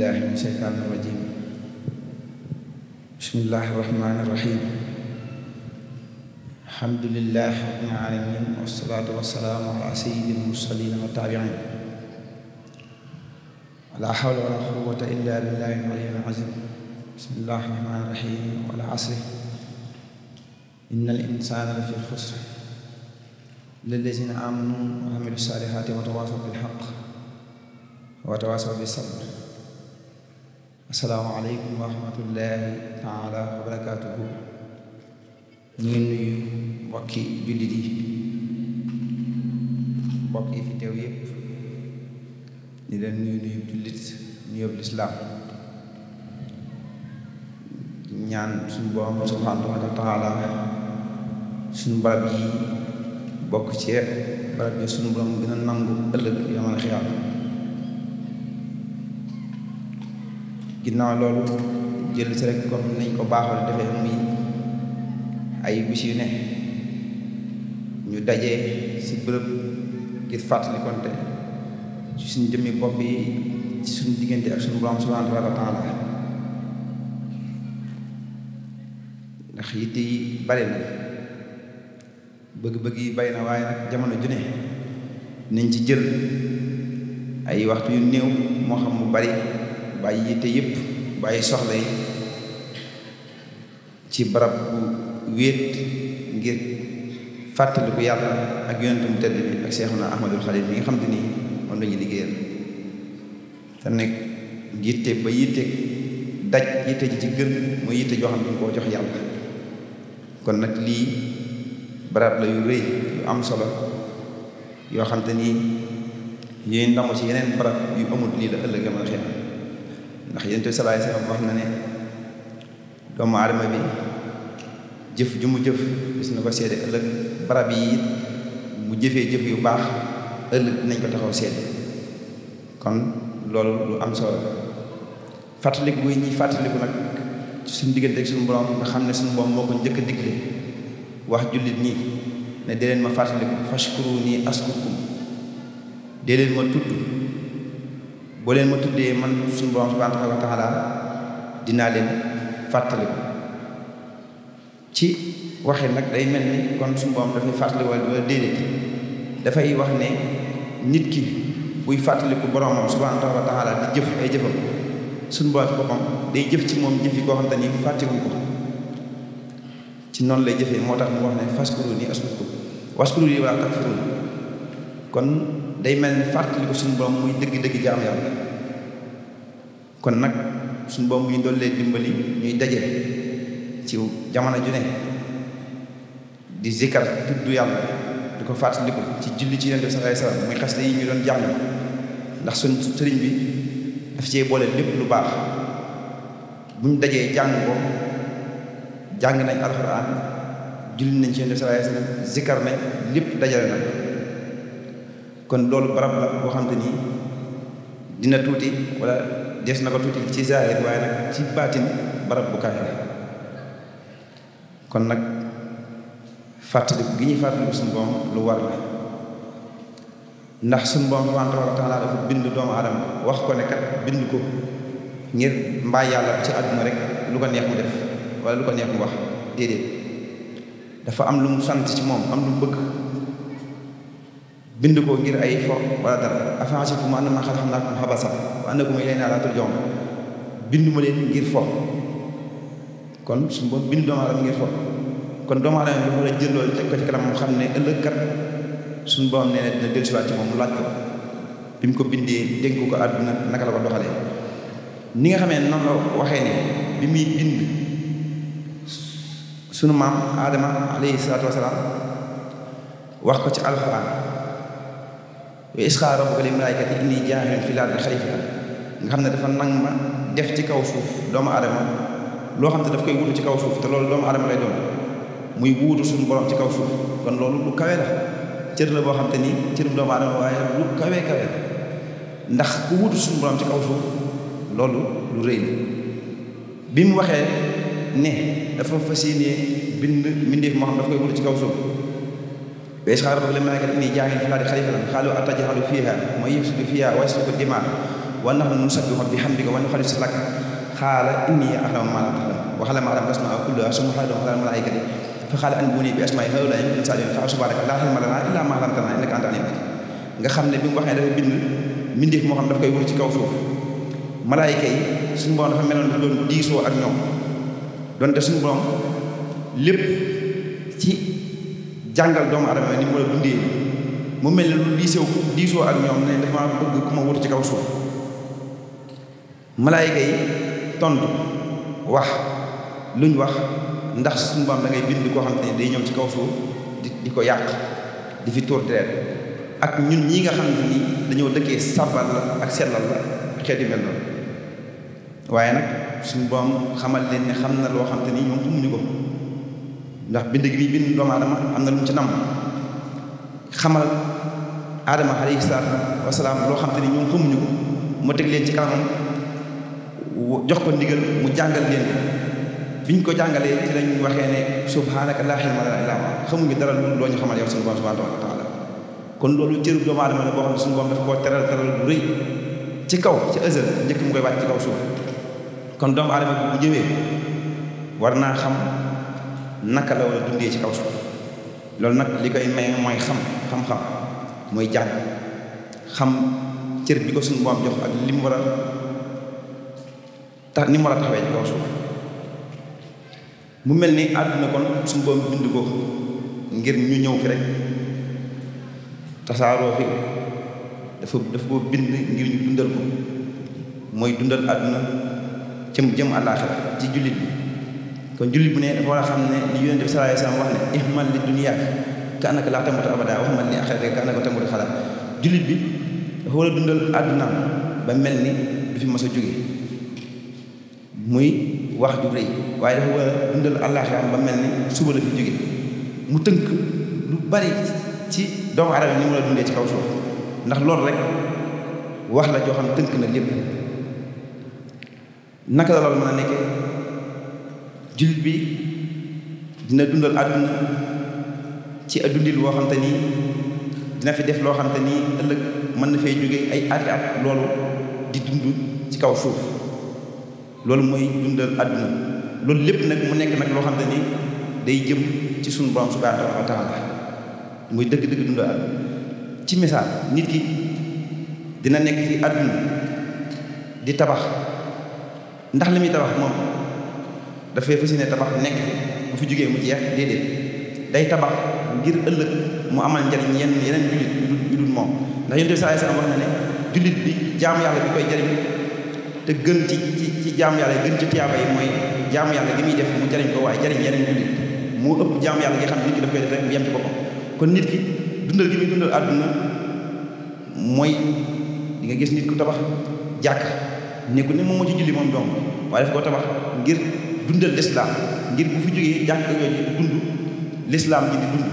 billahi min sheytaani rajim bismillahi rahmaani rahim alhamdulilah rabbil alamin wasalaatu wasalaamu ala sayyidil mursalin wa taabiin la hawla wala quwwata illa billahi al-aliyyil azim bismillahi rahmaani rahim wal asri innal insaana la fi xusr lillazina amanu wa amilu saalihaati wa tawaasaw bil haqq wa tawaasaw bis sabr asalaamaaleykum wa rahmatullahi taala wa barakaatuhu ñu ngi nuyu mbokki jullit yi mbokk yi fi teew yépp ñu leen nuyu nuyu jullit ñu yóbbu lislaam ñaan suñu borom subhanahu wa taala suñu barab yi bokk ci barab yi suñu borom gën a nangu ëllëg yoo mën ginnaaw loolu jël si rek comme nañ ko baaxoon defee muy ay bis yu ne ñu dajee si bërëb ngir fàttalikonte ci suñ jëmmi bopp yi ci suñ diggante ak suñu borom subhanahu wa ndax yitte yi bari na bëgg-bëgg yi waaye nag jamono ju ne nañ ci jël ay waxtu yu néew moo xam mu bari bàyyi yitte yëpp bàyyi soxla yi ci barab bu wéet ngir fàttaliku yàlla ak yonentum tedd bi ak Seexuna Ahmadul Xalil bi nga xam te ni moom la ñuy liggéeyal te nekk yitte ba yitte daj yitte ji ci gën mooy yitte joo xam ne koo jox yàlla kon nag lii barab la yu rëy yu am solo yoo xam te ni yooyu ndamu ci yeneen barab yu amul lii la ëllëg mën a xeex ndax yonent bi sallallahu alayhi wasallam wax na ne doomu aadama bi jëf ju mu jëf gis na ko seede ëllëg barab yi it mu jëfee jëf yu baax ëllëg dinañ ko taxaw seede kon loolu lu am solo fàttaliku yi ñuy fàttaliku nag ci suñu diggante ak suñu borom nga xam ne suñu borom moo ko njëkk a wax jullit ñi ne dee ma fàttaliku fashkuru nii askurkum dee leen ma tudd boo leen ma tuddee man suñu borom subhanahu wa taala dinaa leen fàttaliku ci waxe nag day mel ni kon suñu borom dafay fàttali wala déedéet dafay wax ne nit ki buy fàttaliku boromam subhanahu wa taala di jëf ay jëfam suñu borom ci boppam day jëf ci moom jëf koo xam te ni fàttewu ko ci noonu lay jëfee moo tax mu wax ne faskuru ni askuru waskuru li wala takfurun kon day mel ni fàttali suñu borom muy dëgg-dëgg jaam yàlla kon nag suñu borom bu ñu dollee dimbali ñuy daje ci jamono ju ne di zikar tudd yàlla di ko fàttaliku ci julli ci yonent bi sa alayhi wasallam muy xasida yi ñu doon jàng ndax suñ sëriñ bi daf cee boole lépp lu baax bu ñu dajee jàng ko jàng nañ alxuraan julli nañ ci yonent bi sallallahu alayhi wasallam zikar nañ lépp dajale na kon loolu barab la boo xam te nii dina tuuti wala des na ko tuuti ci zaahir waaye nag ci baatin barab bu kawe la kon nag fàtt gi ñuy fàttaliku suñu boom lu war la ndax suñu boom subhaanahu wa taala dafa bind doomu aadama wax ko ne kat bind ko ngir mbaa yàlla ci àdduna rek lu ko neex mu def wala lu ko neex mu wax déedéet dafa am lu mu sant ci moom am lu mu bëgg bind ko ngir ay fo wala dara afaasibtum annamaa xalaqnaakum abasan wa bindu ma leen ngir fo kon suñu bopp bindu doomu aadama ngir fo a jël ko mu xam ne ëllëg kat suñu boppam ci moom mu laaj ko bi mu ko bindee dénk ko la ko doxalee ni nga xamee noonu la waxee ne bi muy bind maam Adama alayhi salaatu wax ko ci alxuraan wa isqaa rabbuka lil malaa'ikati innii jaa'ilun fil ardi xalifa nga xam ne dafa nang ma def ci kaw suuf doomu aadama loo xam ne daf koy wutu ci kaw suuf te loolu doomu aadama lay doon muy wuutu suñu borom ci kaw suuf kon loolu lu kawe la cër la boo xam te ni cërum doomu aadama waaye lu kawe kawe ndax ku wuutu suñu borom ci kaw suuf loolu lu rëy la bi mu waxee ne dafa fas yéene bind mbindeef moo xam daf koy wutu ci kaw suuf ويشغل ربك للملائكة إني جاعل في الأرض خليفة قالوا أتجعل فيها ومن يفسد فيها ويسفك الدماء ونحن نسبح بحمدك ونقدس لك قال إني أعلم ما لا تعلم وعلم ما لم تسمع كلها ثم حلوا على الملائكة فقال أنبوني بأسماء هؤلاء إن كنت سالما فأسبحك لا علم لنا إلا ما علمتنا إنك أنت العليم الحكيم nga xam ne bi mu waxee dafa bind mbindeef moo xam daf koy wër ci kaw suuf malaayka yi suñu borom dafa meloon doon diisoo ak ñoom donte suñu borom lépp ci jàngal doomu adama ni mu la dundee mu mel ne lu diisoo diisoo ak ñoom ne dafa bëgg ku ma wut ci kaw suuf malaayika yi tontu wax luñ wax ndax suñu baam da bind koo xam ne day ñëw ci kaw suuf di ko yàq di fi tuur deret ñun ñi nga xam ni dañoo dëkkee sàbbal la ak sellal la xeeti mel noonu waaye nag suñu baam xamal leen ne xam na loo xam te ni ñoom xamuñu ko ndax bind gi muy bind doomu aadama am na lu mu ci nam xamal aadama alayhi salaatu wasalaam loo xam te ni ñoom xamuñu ko mu teg leen ci kanamam jox ko ndigal mu jàngal leen biñ ko jàngalee ci lañ waxee ne subhaanaka laa ilma lanaa illaa maa xamuñu dara loo ñu xamal yow suñu borom subhaanahu wa taala kon loolu cëru doomu aadama la boo xam ne dafa koo teral teral bu rëy ci kaw ci ësël njëkk mu koy wàcc ci kaw suuf kon doomu aadama bu jëwee war naa xam naka la war a dundee ci kaw suuf loolu nag li koy maye mooy xam xam-xam mooy jàng xam cër bi ko suñu jox ak li mu war a tax ni mu war a taxawee ci kaw suuf mu mel ni àdduna kon suñu boom bind ko ngir ñu ñëw fi rek tasaaroo fi dafa dafa ko bind ngir ñu dundal ko mooy dundal àdduna cëm jëm àllaaxira ci jullit bi kon jullit bi ne war a xam ne li yonent bi sallallahu alayhi wasallam wax ne ihmal li dunyaak ka annaka laa tamutu abada wa ihmal li axiratika ka annaka tamutu xalaa jullit bi dafa war a dundal àddunaam ba mel ni du fi mos a mel ni suba la fi jóge mu tënk lu bari ci doomu ni mu la dundee ci kaw suuf ndax loolu rek wax la joo xam tënk na lépp naka la loolu mën a nekkee jul bi dina dundal àdduna ci dundil boo xam te ni dina fi def loo xam te ni ëllëg mën na fee jóge ay at at loolu di dund ci kaw suuf loolu mooy dundal àdduna loolu lépp nag mu nekk nag loo xam te ni day jëm ci sunu borom subhaanahu wa taala muy dëgg-dëgg dundal àdduna ci misaal nit ki dina nekk ci àdduna di tabax ndax li muy tabax moom dafay fas yéene tabax nekk bu fi jógee mu jeex déedéet day tabax ngir ëllëg mu amal njariñ yenn yeneen jullit yu dul moom ndax yonent bi sallallahu alayhi wasallam wax na ne jullit bi jaamu yàlla bi koy jariñ te gën ci ci ci jaamu yàlla gën ci tiyaaba yi mooy jaamu yàlla gi muy def mu jariñ ko waaye jariñ yeneen jullit moo ëpp jaamu yàlla gi xam ne nit ki daf koy def mu yem ci boppam kon nit ki dundal gi muy dundal àdduna mooy di nga gis nit ku tabax jàkk nekku ku ne moom moo ci julli moom dundal lislaam ngir bu fi jógee jàkk yooyu dund lislaam ji di dund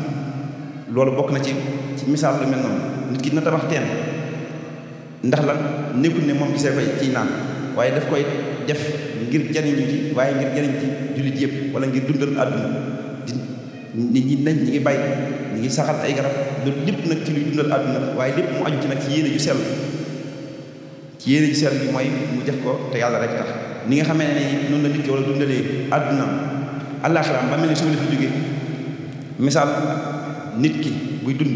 loolu bokk na ci ci misaal lu mel noonu nit ki na tabax teen ndax la nekkul ne moom gisee koy ci naan waaye daf koy def ngir jariñu ci waaye ngir jariñ ci jullit yëpp wala ngir dundal àdduna di nit ñi nañ ñi ngi bay ñi ngi saxal ay garab loolu lépp nag ci luy dundal àdduna waaye lépp mu aju ci nag ci yéene ju sell ci yéene ju sell bi mooy mu def ko te yàlla rek tax ni nga xamee ne noonu la nit ki wala dundalee àdduna àllaaxira ba mel ne suba la fi jógee misaal nit ki buy dund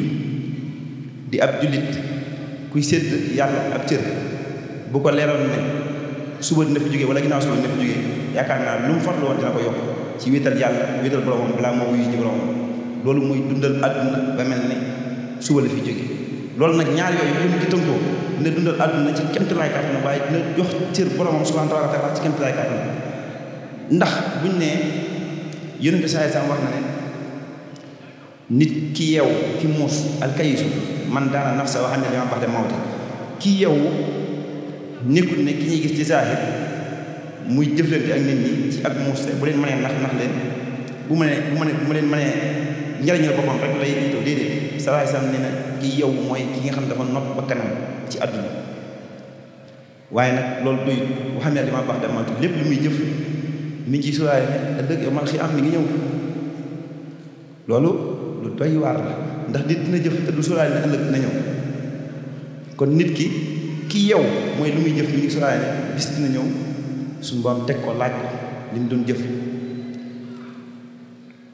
di ab jullit kuy sédd yàlla ab cër bu ko leeroon ne suba dina fi jógee wala ginnaaw suba dina fi jógee yaakaar naa lu mu farlu woon dina ko yokk ci wéetal yàlla wéetal boromam balaa moo wuyu ji boromam loolu mooy dundal àdduna ba mel ni suba la fi jógee loolu nag ñaar yooyu lu mu tënkoo dina dundal àdduna ci kemt laay na waaye dina jox cër boromam subhanahu wa taala ci kemt laay kàttanam ndax buñ ne yonent bi saay saam ne nit ki yeew ki muus alkayisu man daana nafsa wax am ne li ma bax nekkul ne ki ñuy gis ci saahir muy jëflante ak nit ñi ci ak muus bu leen mënee nax nax leen bu mënee bu mënee bu leen mënee njariñal boppam rek lay itoo déedéet salaay salaam nee na ki yow mooy ki nga xam dafa nopp ba kanam ci àdduna waaye nag loolu doy bu xamee li ma baax dem mantu lépp lu muy jëf mi ci sóoraale ne ëllëg yow man xi am mi ngi ñëw loolu lu doy waar dina jëf kon nit ki ki yow mooy lu muy jëf mi ngi sóoraale bis dina ñëw suñu boom teg ko laaj ko li mu doon jëf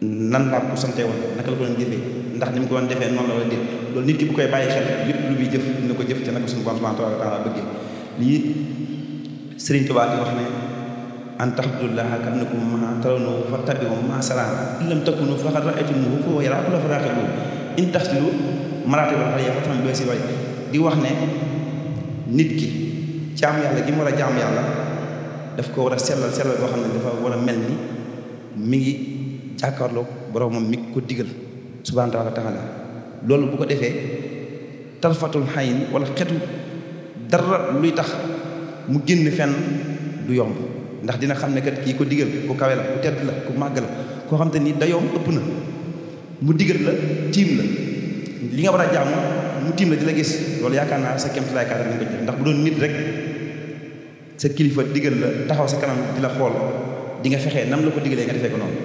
nan laa ko sante woon naka la ko doon jëfee ndax ni mu ko doon defee noonu la wala déet loolu nit ki bu koy bàyyi xel lépp lu muy jëf dina ko jëf te na ko suñu Boroom subhaanahu wa taala bëggee di wax ne bi si way di wax ne ki jaam yàlla gi ko war a sellal sellal boo xam ne dafa war mi ngi jàkkaarloog boroomam mi loolu bu ko defee tarfatul xayn wala xetu dara luy tax mu génn fenn du yomb ndax dina xam ne kat kii ko digal ku kawe la ku tedd la ku màgg la koo xam ne ni dayoom ëpp na mu digal la tiim la li nga war a jaamu mu tiim la di la gis loolu yaakaar naa sa kéemtalaay kàttan nañ ko def ndax bu doon nit rek sa kilifa digal la taxaw sa kanam di la xool di nga fexee nam la ko digalee nga defee ko noonu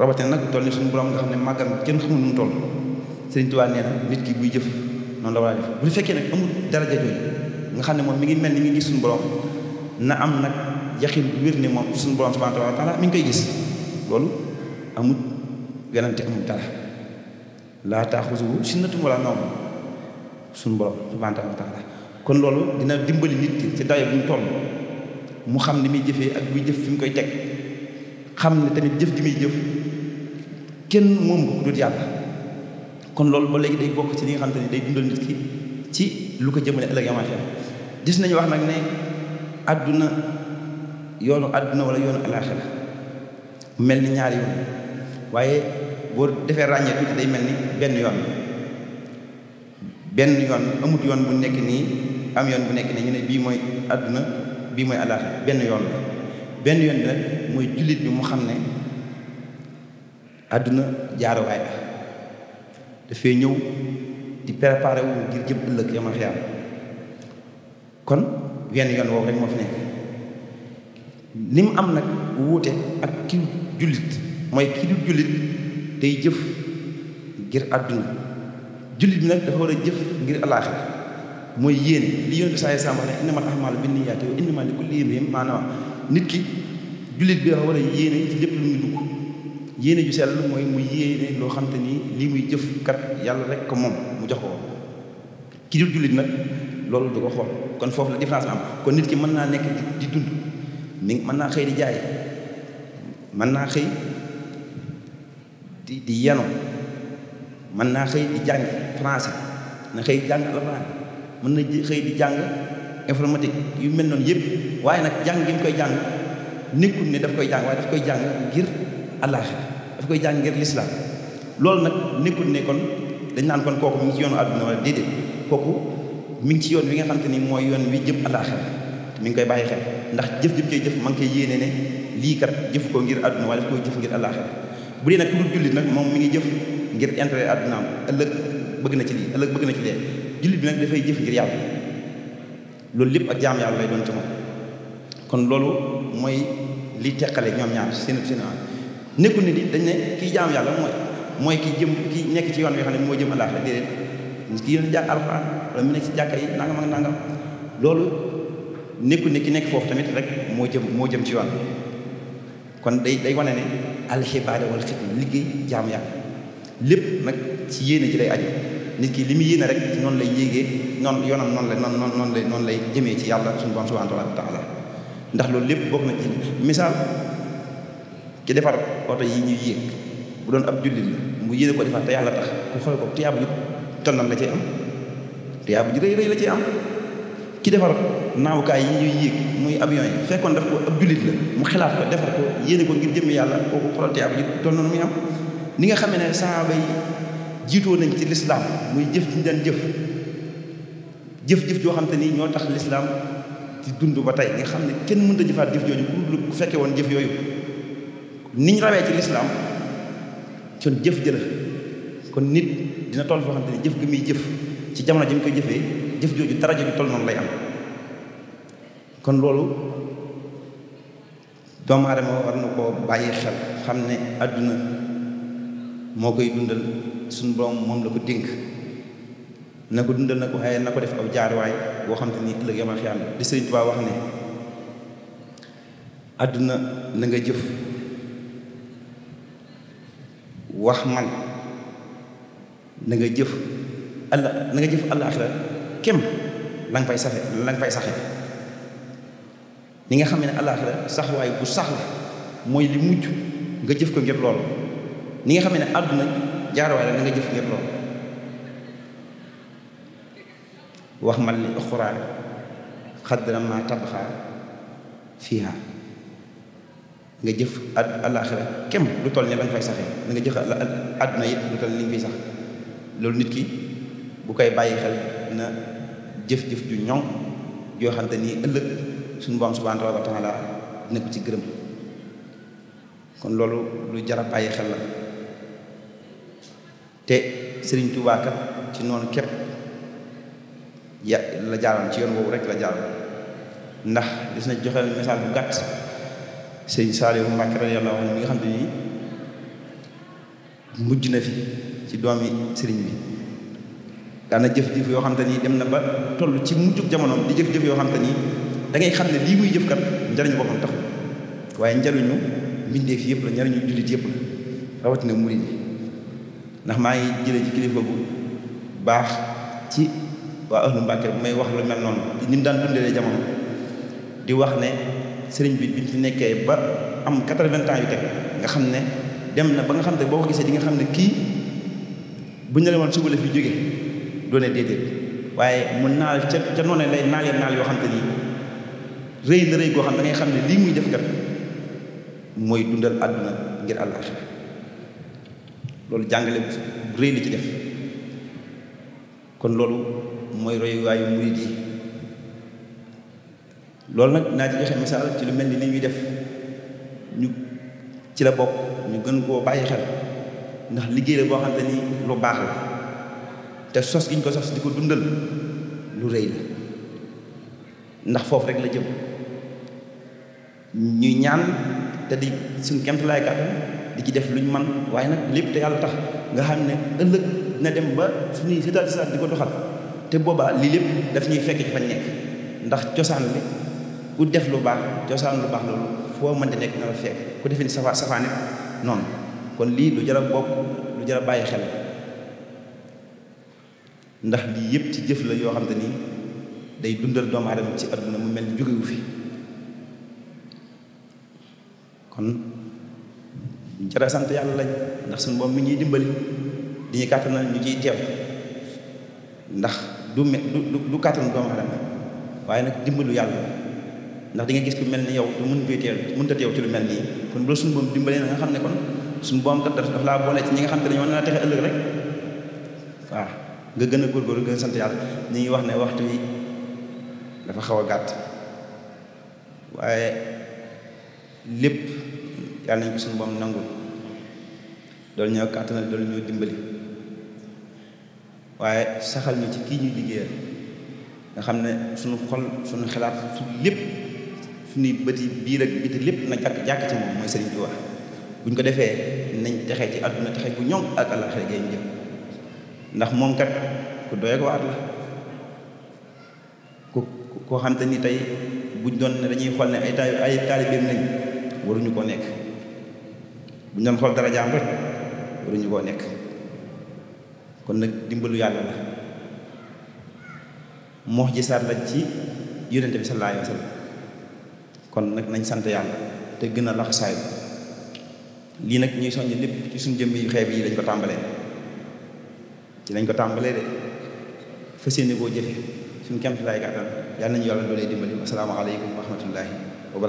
rawatina nag toll ni suñu borom nga xam ne màggam kenn xamul nu mu Sëriñ Tuubaa nee na jëf noonu la bu fekkee nag amul daraja jooju nga xam ne moom mi ngi mel ni mi gis suñu borom na am nag yaqin bu moom suñu borom subhaanahu mi ngi koy gis loolu amut ganante amut dara laa taaxuzuhu sinnatun wala kon loolu dina dimbali nit ki ci dayo bu mu mu xam ni muy jëfee ak buy jëf fi mu koy teg xam ne tamit jëf gi muy jëf kenn moom ko dut kon loolu ba léegi day bokk ci li nga xamante ne day dundal nit ki ci lu ko jëmale ëllëg yamal xel gis nañu wax nag ne àdduna yoonu àdduna wala yoonu alaaxira mel ni ñaari yoon waaye boo defee ràññee tuuti day mel ni benn yoon benn yoon amut yoon bu nekk nii am yoon bu nekk nii ñu ne bii mooy àdduna bii mooy alaaxira benn yoon la benn yoon bi nag mooy jullit bi mu xam ne àdduna jaaruwaay la dafay ñëw di préparé wu ngir jëm ëllëg yamal xiyaam kon wenn yoon woowu rek moo fi nekk li mu am nag wuute ak ki jullit mooy ki du jullit day jëf ngir àdduna jullit bi nag dafa war a jëf ngir alaaxira mooy yéene li yonent bi saa saa wax ne innamal a'maalu binniyaati wa innamaa likulli imri'in maa nawaa nit ki jullit bi dafa war a yéene ci lépp yéene ju sell mooy mu yéene loo xam te ni lii muy jëf kat yàlla rek ko moom mu jox ko ki dul jullit nag loolu du ko xool kon foofu la différence am kon nit ki mën naa nekk di dund mi mën naa xëy di jaay mën naa xëy di di yeno mën naa xëy di jàng français na xëy jàng na xëy di jàng informatique yu mel noonu yëpp waaye nag jàng gi mu koy jàng nekkul ne daf koy jàng waaye daf koy jàng ngir àllaaxira daf koy jàng ngir lislaam loolu nag nekkul ne kon dañ naan kon kooku mi ngi ci yoonu àdduna wala déedéet kooku mu ngi ci yoon wi nga xam te ni mooy yoon wi jëm àllaaxira mu ngi koy bàyyi xel ndax jëf jëm jëf ma ngi koy yéene ne lii kat jëf ko ngir àdduna waaye daf koy jëf ngir àllaaxira bu dee nag ku dul jullit moom mi ngi jëf ngir intérêt àddunaam ëllëg bëgg na ci lii ëllëg bëgg na ci lee jullit bi nag dafay jëf ngir yàlla loolu lépp ak jaam yàlla lay doon ci kon loolu mooy li teqale ñoom ñaar seen seen nekkul ni di dañ ne kii jaam yàlla mooy mooy ki jëm ki nekk ci yoon yoo xam ne moo jëm àllaaxira déedéet ki yéen jàng alxuraan wala mu nekk ci jàkka yi nangam ak nangam loolu nekkul ni ki nekk foofu tamit rek moo jëm moo jëm ci yoon kon day day wane ne alxibaada wal xidma liggéey jaam yàlla lépp nag ci yéene ci lay aju nit ki li muy yéene rek ci noonu lay yéegee noonu yoonam noonu la noonu noonu noonu lay noonu lay jëmee ci yàlla suñu borom subhanahu wa taala ndax loolu lépp bokk na misaal ki defar oto yi ñuy yéeg bu doon ab jullit la mu yéene ko defar te yàlla tax ku xool ko tiyaab ju tonnal la ci am tiyaab ju rëy rëy la ci am ki defar naawukaay yi ñuy yéeg muy avion yi fekkoon daf ko ab jullit la mu xalaat ko defar ko yéene ko ngir jëmmi yàlla kooku xoolal tiyaab ju toll noonu muy am ni nga xam ne sahaaba yi jiitoo nañ ci lislaam muy jëf ci ñu daan jëf jëf-jëf joo xam te ni ñoo tax lislaam ci dund ba tey nga xam ne kenn mënut a jëfaat jëf jooju ku fekke woon jëf yooyu niñ rawee ci lislaam kon jëf jëla kon nit dina toll foo xam ne jëf gi muy jëf ci jamono ji mu koy jëfee jëf jooju daraja ju toll noonu lay am kon loolu doomu aadama war na koo bàyyi xel xam ne àdduna moo koy dundal suñu borom moom la ko dénk na ko dundal na ko waaye na ko def aw jaaruwaay boo xam ni ëllëg yamal xiyaam di Sëriñ Tuubaa wax ne àdduna na nga jëf wax man na nga jëf alla na nga jëf àllaaxira kem la nga fay saxe la fay saxe ni nga xam ne àllaaxira sax waay bu sax mooy li mujj nga jëf ko ngir loolu ni nga xam ne àdduna jaaruwaay la na nga jëf ngir loolu wax man li uxraa xadra ma tabxaa fiiha nga jëf ad àllaaxira kem lu toll ne la nga fay saxee da nga jëf àdduna yi lu toll ni nga fiy sax loolu nit ki bu koy bàyyi xel na jëf-jëf ju ñoŋ joo xam te ni ëllëg suñu borom subhanahu wa taala dina ko ci gërëm kon loolu lu jar a bàyyi xel la te sëriñ Tuubaa ci noonu képp ya la jaaroon ci yoon boobu rek la jaaroon ndax gis na joxe misaal bu gàtt sëñ Saliou Mbacke radiyallahu anhu mi nga xam te ni mujj na fi ci doomi sëriñ bi daana jëf-jëf yoo xamte te ni dem na ba toll ci mujjug jëf-jëf yoo xam ni da ngay ne lii muy jëfkat kat njariñu boppam tax waaye njariñu mbindeef yëpp la njariñu jullit yëpp la rawatina murid yi ndax maa ngi jële ci kilifa bu baax ci waa ahlu Mbacke bu may wax la mel noonu ni mu daan dundalee jamono di wax ne sëriñ bi biñ fi nekkee ba am quatre yu teg nga xam ne dem na ba nga xam ne boo ko gisee di nga xam ne kii bu ne la woon suba la fi jóge doone déedéet waaye mu naal ca ca noonu lay naalee naal yoo xam te nii rëy na rëy goo xam ne ngay xam ne lii muy def kat mooy dundal àdduna ngir àllaaxira loolu jàngale bu rëy li ci def kon loolu mooy royuwaayu murid yi loolu nag naa ci joxe misaal ci lu mel ni li ñuy def ñu ci la bokk ñu gën koo bàyyi xel ndax liggéey la boo xam te ni lu baax la te sos gi ñu ko sos di ko dundal lu rëy la ndax foofu rek la jëm ñu ñaan te di suñ kemt laay kàttan di ci def lu ñu man waaye nag lépp te yàlla tax nga xam ne ëllëg na dem ba suñuy sëtaat sëtaat di ko doxal te boobaa lii lépp daf ñuy fekk ci fañ nekk ndax cosaan li ku def lu baax cosaan lu baax loolu foo mënte nekk na la fekk ku defee ni safa safaan it noonu kon lii lu jar a bokk lu jar a bàyyi xel ndax lii yëpp ci jëf la yoo xam te nii day dundal doomu aadama ci àdduna mu mel ni jógewu fi kon jar sant yàlla lañ ndax suñu boom mi ñuy dimbali di ñu kàttan na ñu ciy teew ndax du me du du kàttanu doomu waaye nag dimbalu yàlla ndax di gis ku mel ni yow du mun fee teew mënut a teew ci lu mel nii kon bu la suñu boom dimbalee na nga xam ne kon suñu boom kat daf laa boole ci ñi nga xam ne ñoo na la texe ëllëg gën a góorgóorlu sant yàlla ñu ngi wax ne waxtu dafa xaw a gàtt waaye lépp yàlla nañ ko suñu boom nangul doolu ñoo kàttanal doolu ñoo dimbali waaye saxal ñu ci kii ñuy liggéeyal nga xam ne sunu xol suñu xalaat su lépp suñuy bëti biir ak biti lépp na jàkk jàkk ci moom mooy Sëriñ Tuuba buñ ko defee nañ texe ci àdduna texee bu ñoŋ ak àllaxira gay njëm ndax moom kat ku doy ak waat la ku koo xam ni tey buñ doon ne dañuy xool ne ay taay ay taalibeem nañ waruñu koo nekk buñ doon xool dara jaam rek waruñu koo nekk kon nag dimbalu yàlla la moox ji sar la ci yonente bi sallallahu alayhi kon nag nañ sant yàlla te gën a laxasaayu lii nag ñuy soññ lépp ci suñu jëmm yu xeeb yi lañ ko tàmbalee ci lañ ko tàmbalee de fas yéene koo jëfe suñu kemt laay gàttal yàlla nañu yàlla doolee dimbali asalaamaaleykum wa rahmatullahi wa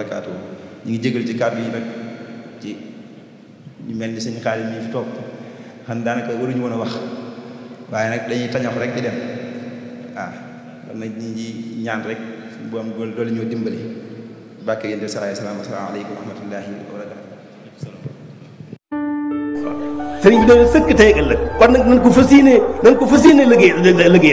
ñu ngi jégal ci kàddu yi nag ci ñu mel ni seen xaalis ñi fi toog xam daanaka waruñu woon a wax waaye nag dañuy tañox rek di dem waaw ah, kon nag ñi ngi ñaan rek bu am doole ñoo dimbali bàkke yéen de salaay salaam asalaamaaleykum wa rahmatullahi wa barakaatu sëriñ bi dana sëkk tey ëllëg kon nag nañ ko fas yéene nañ ko fas yéene liggéey liggéey